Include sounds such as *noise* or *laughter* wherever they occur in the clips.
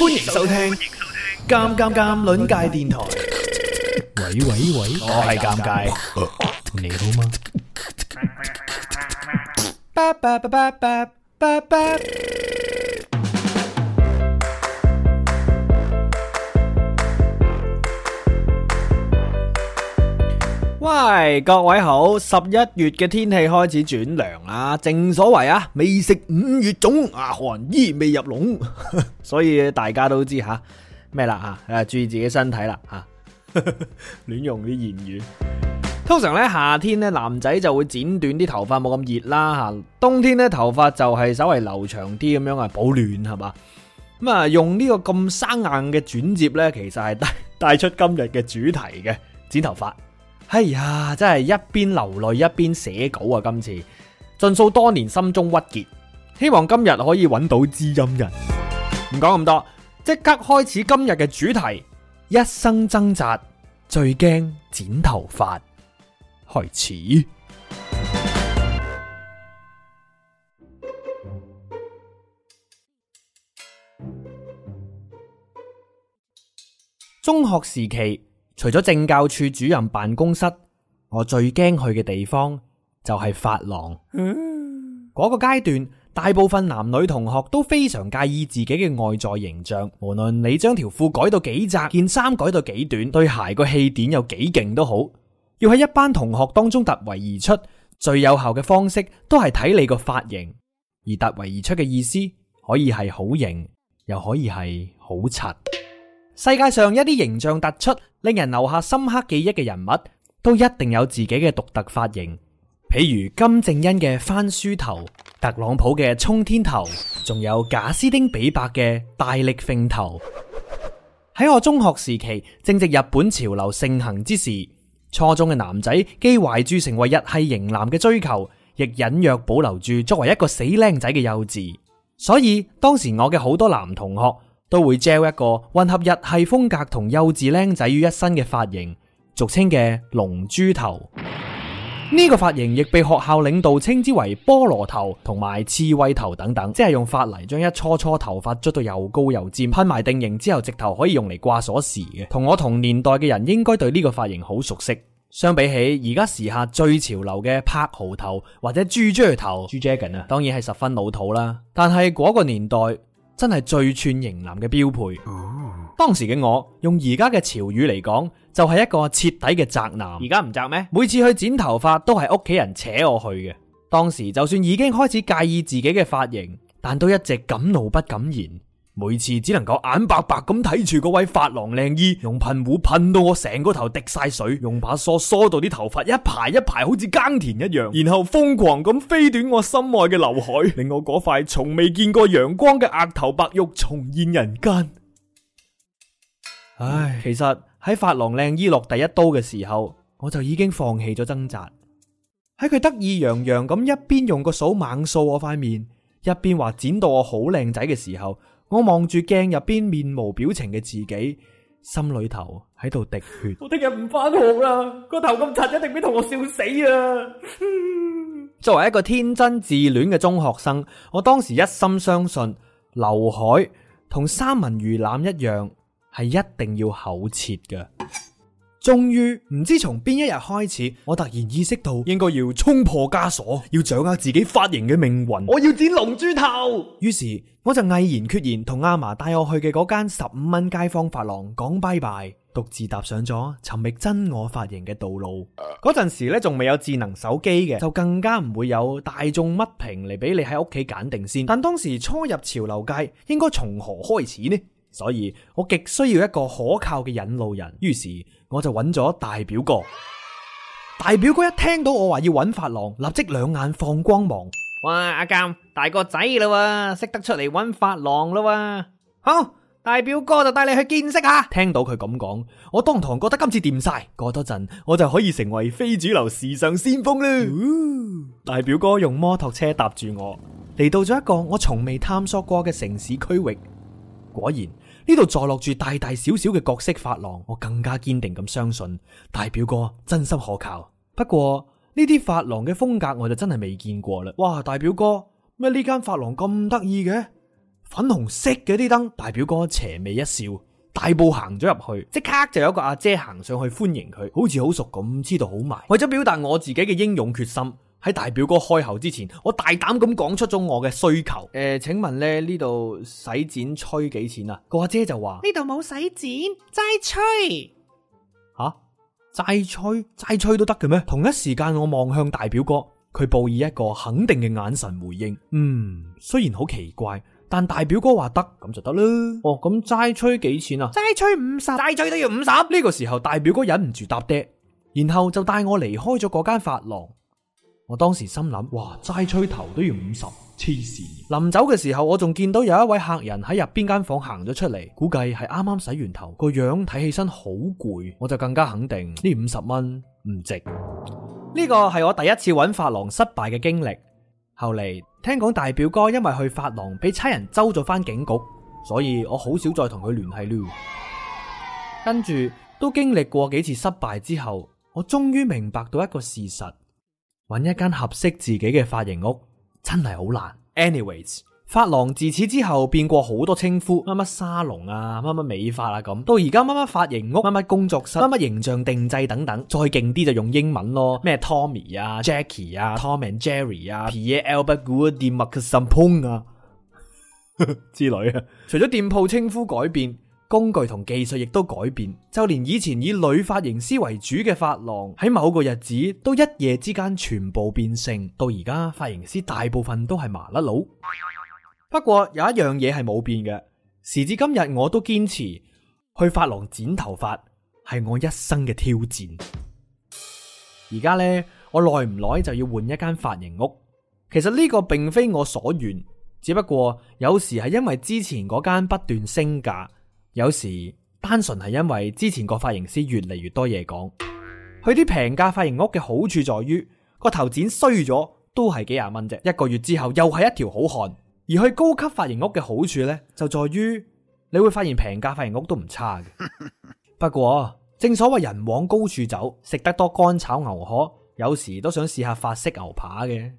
歡迎收聽《尷尷尷》輪界電台。喂喂喂，我係尷尬，你好嗎？喂，各位好！十一月嘅天氣開始轉涼啦，正所謂啊，未食五月粽，啊寒衣未入籠，所以大家都知吓咩、啊、啦吓，誒、啊、注意自己身體啦吓。亂、啊、用啲言語，通常呢夏天呢，男仔就會剪短啲頭髮，冇咁熱啦吓。冬天呢，頭髮就係稍微留長啲咁樣啊，保暖係嘛。咁啊用呢個咁生硬嘅轉接呢，其實係帶帶出今日嘅主題嘅剪頭髮。哎呀，真係一邊流淚一邊寫稿啊！今次盡數多年心中鬱結，希望今日可以揾到知音人。唔講咁多，即刻開始今日嘅主題：一生掙扎，最驚剪頭髮。開始。 *music* 中學時期。除咗政教處主任辦公室，我最驚去嘅地方就係髮廊。嗰 *laughs* 個階段，大部分男女同學都非常介意自己嘅外在形象。無論你將條褲改到幾窄，件衫改到幾短，對鞋個氣墊有幾勁都好。要喺一班同學當中突圍而出，最有效嘅方式都係睇你個髮型。而突圍而出嘅意思，可以係好型，又可以係好柒。世界上一啲形象突出，令人留下深刻記憶嘅人物，都一定有自己嘅獨特髮型。譬如金正恩嘅番書頭，特朗普嘅沖天頭，仲有賈斯汀比伯嘅大力揈頭。喺 *noise* 我中學時期，正值日本潮流盛行之時，初中嘅男仔既懷住成為日系型男嘅追求，亦隱約保留住作為一個死靚仔嘅幼稚。所以當時我嘅好多男同學。都會剪一個混合日系風格同幼稚僆仔於一身嘅髮型，俗稱嘅龍豬頭。呢 *noise* 個髮型亦被學校領導稱之為菠蘿頭同埋刺猬頭等等，即係用髮泥將一撮撮頭髮捽到又高又尖，噴埋定型之後，直頭可以用嚟掛鎖匙嘅。同我同年代嘅人應該對呢個髮型好熟悉。相比起而家時下最潮流嘅柏豪頭或者豬豬頭，豬 dragon 啊， *noise* 當然係十分老土啦。 *noise* 但係嗰個年代。真係最串型男嘅標配。當時嘅我，用而家嘅潮語嚟講，就係一個徹底嘅宅男。而家唔宅咩？每次去剪頭髮都係屋企人扯我去嘅。當時就算已經開始介意自己嘅髮型，但都一直敢怒不敢言。每次只能夠眼白白咁睇住嗰位髮廊靚姨用噴壺噴到我成個頭滴晒水，用把梳梳到啲頭髮一排一排好似耕田一樣，然後瘋狂咁飛短我心愛嘅劉海，令我嗰塊從未見過陽光嘅額頭白玉重現人間。唉，其實喺髮廊靚姨落第一刀嘅時候，我就已經放棄咗掙扎。喺佢得意洋洋咁一邊用個掃猛掃我塊面，一邊話剪到我好靚仔嘅時候。我望住鏡入邊，面無表情嘅自己，心裏頭喺度滴血。我聽日唔返學啦，個頭咁柒，一定俾同學笑死啊！ *laughs* 作為一個天真自戀嘅中學生，我當時一心相信劉海同三文魚腩一樣，係一定要厚切嘅。終於唔知從邊一日開始，我突然意識到應該要衝破枷鎖，要掌握自己髮型嘅命運。我要剪龍珠頭。於是我就毅然決然同阿嫲帶我去嘅嗰間十五蚊街坊髮廊講拜拜，獨自踏上咗尋覓真我髮型嘅道路。嗰陣、uh. 時咧仲未有智能手機嘅，就更加唔會有大眾乜評嚟俾你喺屋企揀定先。但當時初入潮流界，應該從何開始呢？所以我極需要一個可靠嘅引路人，於是我就揾咗大表哥。大表哥一聽到我話要揾髮廊，立即兩眼放光芒。哇！阿鑑大個仔啦，識得出嚟揾髮廊啦。好，大表哥就帶你去見識下。聽到佢咁講，我當堂覺得今次掂曬。過多陣，我就可以成為非主流時尚先鋒啦。 *laughs* 大表哥用摩托車搭住我，嚟到咗一個我從未探索過嘅城市區域。果然。呢度坐落住大大小小嘅角色髮廊，我更加堅定咁相信大表哥真心可靠。不過呢啲髮廊嘅風格我就真係未見過啦。哇，大表哥，咩呢間髮廊咁得意嘅？粉紅色嘅啲燈。大表哥邪魅一笑，大步行咗入去，即刻就有一個阿姐行上去歡迎佢，好似好熟咁，知道好埋。為咗表達我自己嘅英勇決心。喺大表哥開口之前，我大膽咁講出咗我嘅需求。誒、呃，請問咧呢度洗剪吹幾錢啊？個阿姐，姐就話：呢度冇洗剪，齋吹。吓、啊，齋吹齋吹都得嘅咩？同一時間，我望向大表哥，佢報以一個肯定嘅眼神回應。嗯，雖然好奇怪，但大表哥話得咁就得啦。哦，咁齋吹幾錢啊？齋吹五十，齋吹都要五十？呢個時候，大表哥忍唔住搭爹，然後就帶我離開咗嗰間髮廊。我當時心諗，哇，齋吹頭都要五十，黐線。臨走嘅時候，我仲見到有一位客人喺入邊間房行咗出嚟，估計係啱啱洗完頭，個樣睇起身好攰，我就更加肯定呢五十蚊唔值。呢個係我第一次搵髮廊失敗嘅經歷。後嚟聽講大表哥因為去髮廊俾差人揪咗翻警局，所以我好少再同佢聯繫囉。跟住都經歷過幾次失敗之後，我終於明白到一個事實。揾一間合適自己嘅髮型屋真係好難。Anyways，發廊自此之後變過好多稱呼，乜乜沙龍啊，乜乜美發啊，咁到而家乜乜髮型屋，乜乜工作室，乜乜形象定製等等，再勁啲就用英文咯，咩 Tommy 啊，Jackie 啊，Tom and Jerry 啊，P i e L b e r g 不古店 Markerson Pon 啊之類啊。 *laughs* 除咗店鋪稱呼改變。工具同技術亦都改變，就連以前以女髮型師為主嘅髮廊喺某個日子都一夜之間全部變性，到而家髮型師大部分都係麻甩佬。不過有一樣嘢係冇變嘅，時至今日我都堅持去髮廊剪頭髮係我一生嘅挑戰。而家呢，我耐唔耐就要換一間髮型屋。其實呢個並非我所願，只不過有時係因為之前嗰間不斷升價。有時單純係因為之前個髮型師越嚟越多嘢講，去啲平價髮型屋嘅好處在於個頭剪衰咗都係幾廿蚊啫，一個月之後又係一條好漢；而去高級髮型屋嘅好處呢，就在於你會發現平價髮型屋都唔差嘅。不過正所謂人往高處走，食得多乾炒牛河，有時都想試下法式牛扒嘅。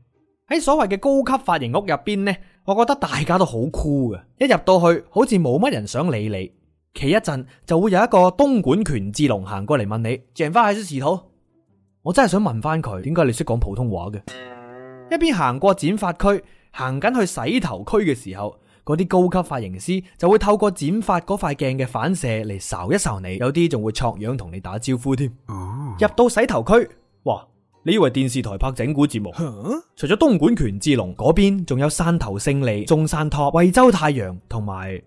喺所謂嘅高級髮型屋入邊呢，我覺得大家都好 cool 嘅，一入到去好似冇乜人想理你。企一陣就會有一個東莞權志龍行過嚟問你剩翻，幾多泥土？我真係想問翻佢，點解你識講普通話嘅？ *noise* 一邊行過剪髮區，行緊去洗頭區嘅時候，嗰啲高級髮型師就會透過剪髮嗰塊鏡嘅反射嚟睄一睄你，有啲仲會撮樣同你打招呼添。 *noise* 入到洗頭區，哇！你以為電視台拍整蠱節目？ *noise* 除咗東莞權志龍嗰邊，仲有汕頭勝利、中山托、惠州太陽同埋。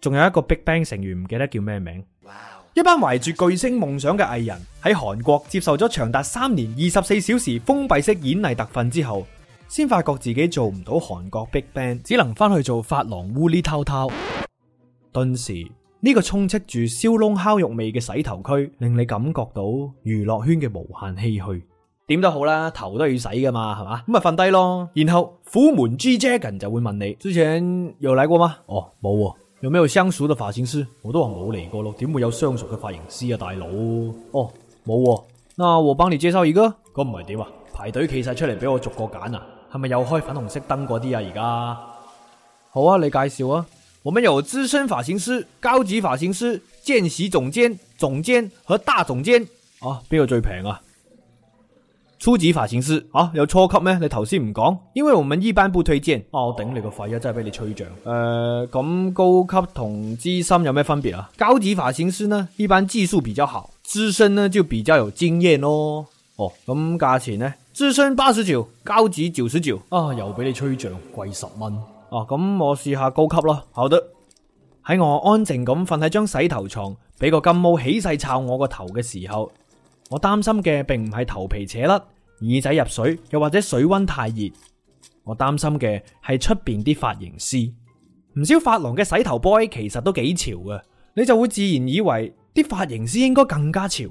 仲有一個 Big Bang 成員唔記得叫咩名，Wow. 一班懷住巨星夢想嘅藝人喺韓國接受咗長達三年二十四小時封閉式演藝特訓之後，先發覺自己做唔到韓國 Big Bang，只能翻去做發廊烏哩濤濤。頓 *noise* 時呢、這個充斥住燒燶烤焦肉味嘅洗頭區，令你感覺到娛樂圈嘅無限唏嘘。點都好啦，頭都要洗㗎嘛，係嘛咁咪瞓低咯。然後虎門 G Dragon 就會問你：之前有嚟過嗎？哦，冇、啊。有沒有相熟的髮型師？我都話冇嚟過咯，點會有相熟嘅髮型師啊，大佬？哦，冇啊，那我幫你介紹一個，咁唔係點啊？排隊企晒出嚟俾我逐個揀啊？係咪又開粉紅色燈嗰啲啊？而家好啊，你介紹啊，我們有資深髮型師、高級髮型師、見習總監、總監和大總監，啊，邊個最平啊？初級髮型師啊，有初級咩？你頭先唔講？因為我們一般不推薦。啊，我頂你個肺啊，真係俾你吹漲。誒、呃，咁高級同資深有咩分別啊？高級髮型師呢，一般技術比較好；資深呢就比較有經驗咯。哦，咁價錢呢？資深八十蚊，高級九十蚊。啊，又俾你吹漲，貴十蚊。啊，咁我試下高級啦。好的，喺我安靜咁瞓喺張洗頭床，俾個金毛起勢抄我個頭嘅時候，我擔心嘅並唔係頭皮扯甩。耳仔入水，又或者水溫太熱，我擔心嘅係出邊啲髮型師，唔少髮廊嘅洗頭 boy 其實都幾潮㗎，你就會自然以為啲髮型師應該更加潮，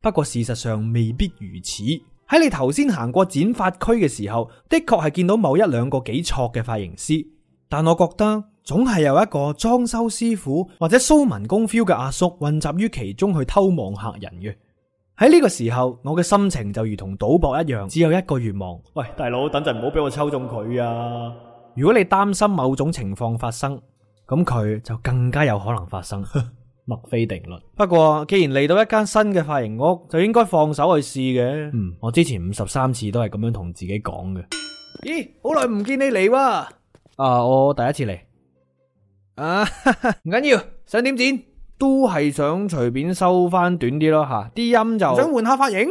不過事實上未必如此。喺你頭先行過剪髮區嘅時候，的確係見到某一兩個幾錯嘅髮型師，但我覺得總係有一個裝修師傅或者蘇文公 feel 嘅阿叔混雜於其中去偷望客人嘅。喺呢個時候，我嘅心情就如同賭博一樣，只有一個願望。喂，大佬，等陣唔好俾我抽中佢啊！如果你擔心某種情況發生，咁佢就更加有可能發生。墨 *laughs* 菲定律。不過，既然嚟到一間新嘅髮型屋，就應該放手去試嘅。嗯，我之前五十三次都係咁樣同自己講嘅。咦，好耐唔見你嚟哇！啊，我第一次嚟。啊，哈哈，唔緊要，想點剪？都係想隨便收翻短啲咯吓，啲、啊、音就想換下髮型，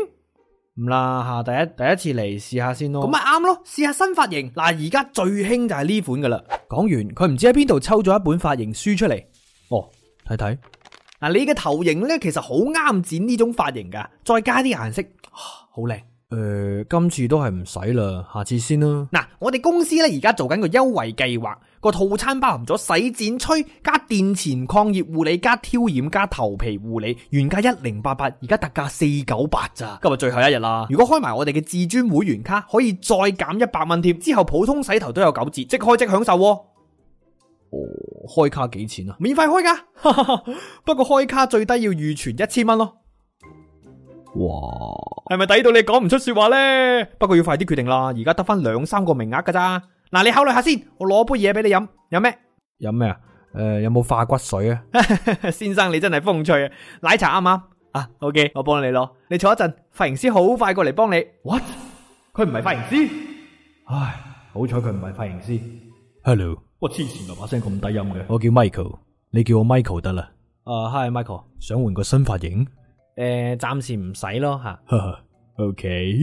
唔啦吓，第一第一次嚟試下先咯，咁咪啱咯，試下新髮型。嗱，而家最興就係呢款噶啦。講完，佢唔知喺邊度抽咗一本髮型書出嚟。哦，睇睇。嗱、啊，你嘅頭型呢，其實好啱剪呢種髮型噶，再加啲顏色，好、啊、靚。誒、呃，今次都係唔使啦，下次先啦。嗱、啊，我哋公司呢，而家做緊個優惠計劃。個套餐包含咗洗剪吹加電前抗熱護理加挑染加頭皮護理，原價一零八八，而家特價四九八咋？今日最後一日啦，如果開埋我哋嘅至尊會員卡，可以再減一百蚊添。之後普通洗頭都有九折，即開即享受啊。哦，開卡幾錢啊？免費開噶， *laughs* 不過開卡最低要預存一千蚊咯。哇，係咪抵到你講唔出說話呢？不過要快啲決定啦，而家得翻兩三個名額噶咋。嗱、啊，你考慮下先，我攞杯嘢俾你飲，飲咩？飲咩啊？誒、呃，有冇化骨水啊？ *laughs* 先生你真係風趣啊！奶茶啱唔啱？啊，OK，我幫你攞，你坐一陣，髮型師好快過嚟幫你。What？佢唔係髮型師？唉，好彩佢唔係髮型師。Hello，我之前就把聲咁低音嘅。我叫 Michael，你叫我 Michael 得啦。啊、uh, hi Michael。想換個新髮型？誒、呃，暫時唔使咯吓。啊、 *laughs* OK，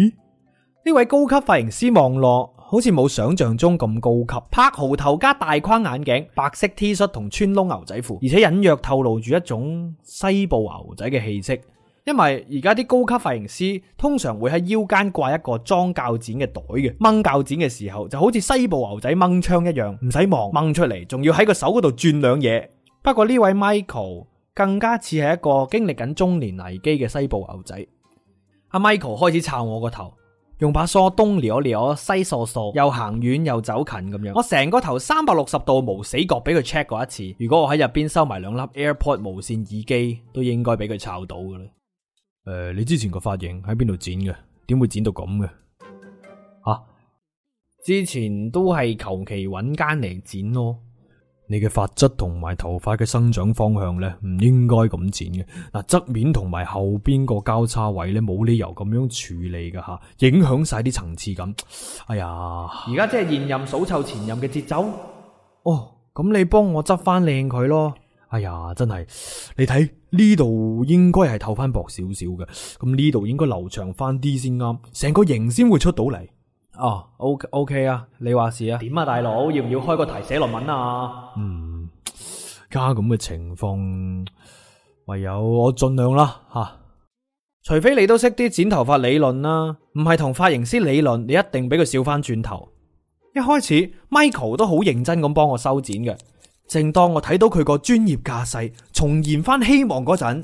呢位高級髮型師望落。好似冇想象中咁高級，拍蠔頭加大框眼鏡，白色 T 恤同穿窿牛仔褲，而且隱約透露住一種西部牛仔嘅氣息。因為而家啲高級髮型師通常會喺腰間掛一個裝鉸剪嘅袋嘅，掹鉸剪嘅時候就好似西部牛仔掹槍一樣，唔使望掹出嚟，仲要喺個手嗰度轉兩嘢。不過呢位 Michael 更加似係一個經歷緊中年危機嘅西部牛仔。阿 Michael 開始撐我個頭。用把梳東撩一撩，西掃掃，又行遠又走近咁樣，我成個頭三百六十度無死角俾佢 check 過一次。如果我喺入邊收埋兩粒 AirPod 無線耳機，都應該俾佢抄到㗎喇。誒、呃，你之前個髮型喺邊度剪嘅？點會剪到咁嘅？啊，之前都係求其搵間嚟剪咯。你嘅髮質同埋頭髮嘅生長方向呢，唔應該咁剪嘅。嗱，側面同埋後邊個交叉位呢，冇理由咁樣處理㗎吓，影響晒啲層次感。哎呀，而家即係現任數臭前任嘅節奏？哦，咁你幫我執翻靚佢咯。哎呀，真係，你睇呢度應該係透翻薄少少嘅，咁呢度應該留長翻啲先啱，成個型先會出到嚟。哦，O，O，K、OK, OK、啊，你話事啊？點啊，大佬，要唔要開個題寫論文啊？嗯，家咁嘅情況，唯有我盡量啦吓。啊、除非你都識啲剪頭髮理論啦、啊，唔係同髮型師理論，你一定俾佢笑翻轉頭。一開始，Michael 都好認真咁幫我修剪嘅。正當我睇到佢個專業架勢，重燃翻希望嗰陣，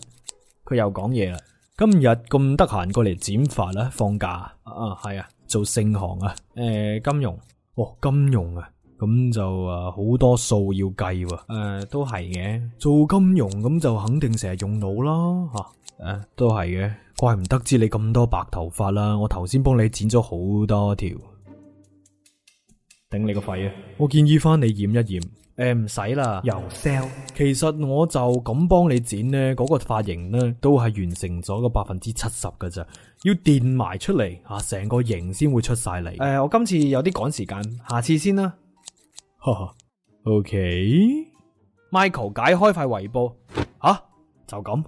佢又講嘢啦。今日咁得閒過嚟剪髮啦，放假啊？啊，係啊。做盛行啊，誒、呃，金融，哦，金融啊，咁就啊好多數要計喎、啊，誒、呃，都係嘅，做金融咁就肯定成日用腦啦，吓、啊，誒、啊，都係嘅，怪唔得知你咁多白頭髮啦、啊，我頭先幫你剪咗好多條，頂你個肺啊！我建議返你染一染，誒、呃，唔使啦，油丟 sell，其實我就咁幫你剪呢嗰、那個髮型呢，都係完成咗個百分之七十㗎咋。要墊埋出嚟吓，啊，成個型先會出晒嚟。誒、呃，我今次有啲趕時間，下次先啦。哈哈 *laughs* ，OK，Michael Okay? 解開塊圍布，吓、啊、就咁。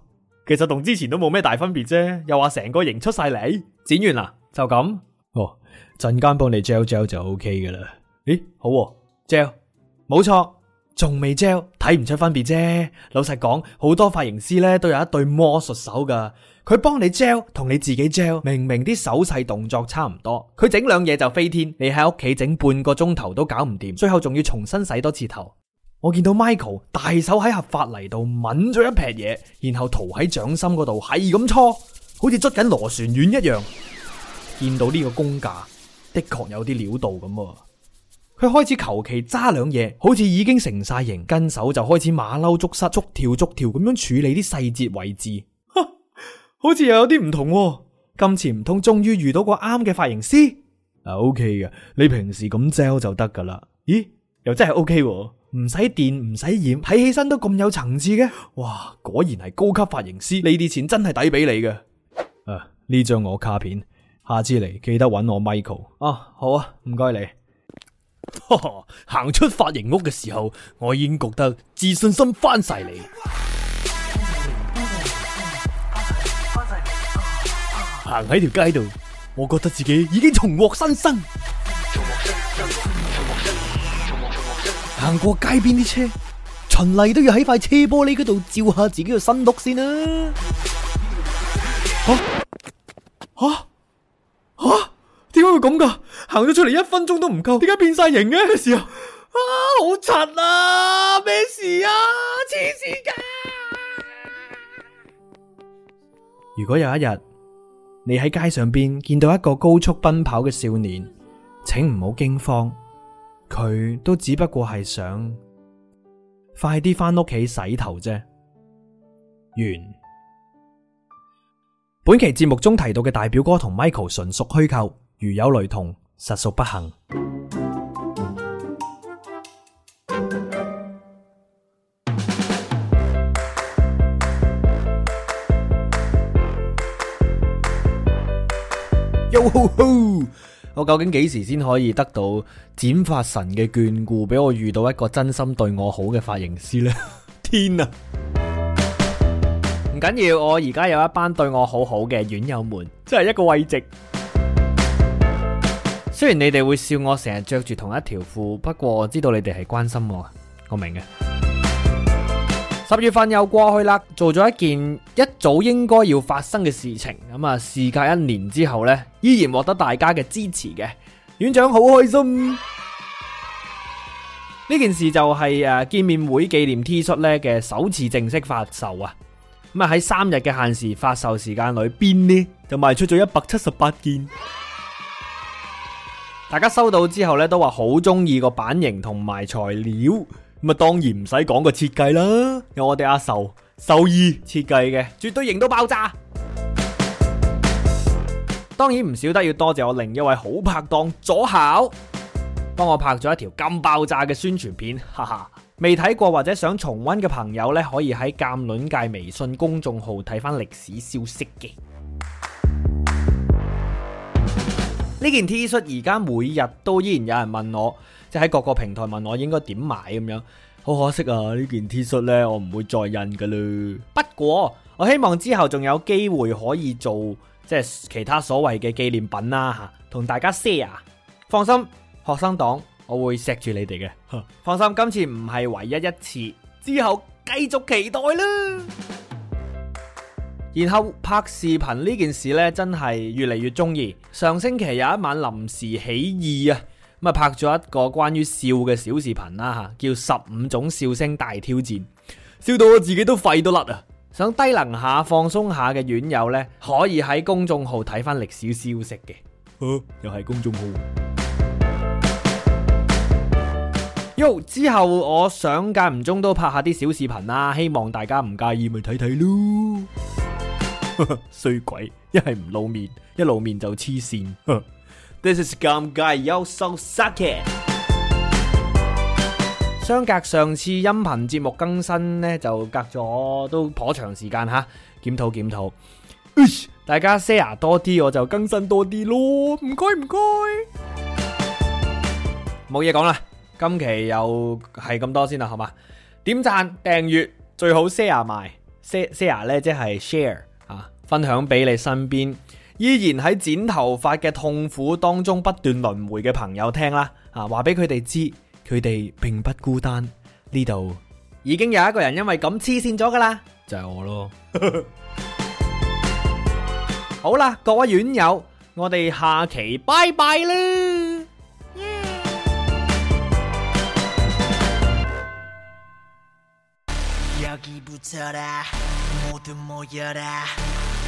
其實同之前都冇咩大分別啫。又話成個型出晒嚟，剪完啦就咁。哦，陣間幫你 gel gel 就 OK 噶啦。咦，好 gel，冇錯，仲未 gel，睇唔出分別啫。老實講，好多髮型師咧都有一對魔術手噶。佢幫你膠同你自己膠，明明啲手勢動作差唔多，佢整兩嘢就飛天，你喺屋企整半個鐘頭都搞唔掂，最後仲要重新洗多次頭。我見到 Michael 大手喺盒髮泥度搵咗一劈嘢，然後塗喺掌心嗰度，係咁搓，好似捽緊螺旋丸一樣。見到呢個功架的確有啲料到咁。佢開始求其揸兩嘢，好似已經成晒型，跟手就開始馬騮捉蝨捉條捉條咁樣處理啲細節位置。好似又有啲唔同喎，啊，今次唔通終於遇到個啱嘅髮型師？啊，OK 嘅，你平時咁焦就得噶啦。咦，又真係 OK，唔使電，唔使染，睇起身都咁有層次嘅。哇，果然係高級髮型師，你啲錢真係抵俾你嘅。啊，呢張我卡片，下次嚟記得搵我 Michael 啊。好啊，唔該你。 *laughs* 行出髮型屋嘅時候，我已經覺得自信心翻晒嚟。行喺條街度，我覺得自己已經重獲新生。行過街邊啲車，循例都要喺塊車玻璃嗰度照下自己嘅新 look 先啦，啊。吓吓吓！點、啊、解、啊、會咁噶？行咗出嚟一分鐘都唔夠，點解變晒形嘅事啊？啊，好柒啊！咩事啊？黐線噶！如果有一日，你喺街上邊見到一個高速奔跑嘅少年，請唔好驚慌，佢都只不過係想快啲翻屋企洗頭啫。完。本期節目中提到嘅大表哥同 Michael 純屬虛構，如有雷同，實屬不幸。Oh, oh, oh. 我究竟幾時先可以得到剪髮神嘅眷顧，俾我遇到一個真心對我好嘅髮型師呢？ *laughs* 天啊！唔緊要，我而家有一班對我好好嘅院友們，即係一個慰藉。雖然你哋會笑我成日着住同一條褲，不過我知道你哋係關心我，我明嘅。十月份又過去啦，做咗一件一早應該要發生嘅事情。咁、嗯、啊，事隔一年之後呢，依然獲得大家嘅支持嘅，院長好開心。呢 *noise* 件事就係、是、誒、啊、見面會紀念 T 恤，呢嘅首次正式發售啊。咁啊喺三日嘅限時發售時間裏邊呢，就賣出咗一百七十八件。 *noise* 大家收到之後呢，都話好中意個版型同埋材料。咁當然唔使講個設計啦，有我哋阿壽壽衣設計嘅，絕對型到爆炸。 *music* 當然唔少得要多謝我另一位好拍檔左考，幫我拍咗一條咁爆炸嘅宣傳片，哈哈。未睇過或者想重溫嘅朋友呢，可以喺鑑論界微信公眾號睇翻歷史消息嘅。呢件 T 恤而家每日都依然有人問我。即係喺各個平台問我應該點買咁樣，好可惜啊！呢件 T 恤咧，我唔會再印噶啦。不過我希望之後仲有機會可以做即係其他所謂嘅紀念品啦、啊、吓，同大家 say 啊，放心，學生黨我會錫住你哋嘅。放心，今次唔係唯一一次，之後繼續期待啦。 *music* 然後拍視頻呢件事咧，真係越嚟越中意。上星期有一晚臨時起意啊。咪拍咗一個關於笑嘅小視頻啦吓，叫《十五種笑聲大挑戰》，笑到我自己都廢都甩啊！想低能下放鬆下嘅院友呢，可以喺公眾號睇翻歷史消息嘅，啊。又係公眾號。喲，之後我想間唔中都拍下啲小視頻啦，希望大家唔介意咪睇睇咯。衰 *laughs* 鬼，一係唔露面，一露面就黐線。啊 This is 咁怪，you're so sucky。相隔上次音頻節目更新呢，就隔咗都頗長時間吓，檢討檢討。大家 share 多啲，我就更新多啲咯。唔該唔該，冇嘢講啦。今期又係咁多先啦，好嘛？點讚訂閱，最好 share 埋。share 咧即係 share 啊，分享俾你身邊。依然喺剪頭髮嘅痛苦當中不斷輪回嘅朋友聽啦，啊話俾佢哋知佢哋並不孤單，呢度已經有一個人因為咁黐線咗噶啦，就係我咯。好啦，各位院友，我哋下期拜拜啦。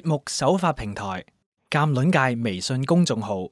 節目首發平台：鑒論界微信公眾號。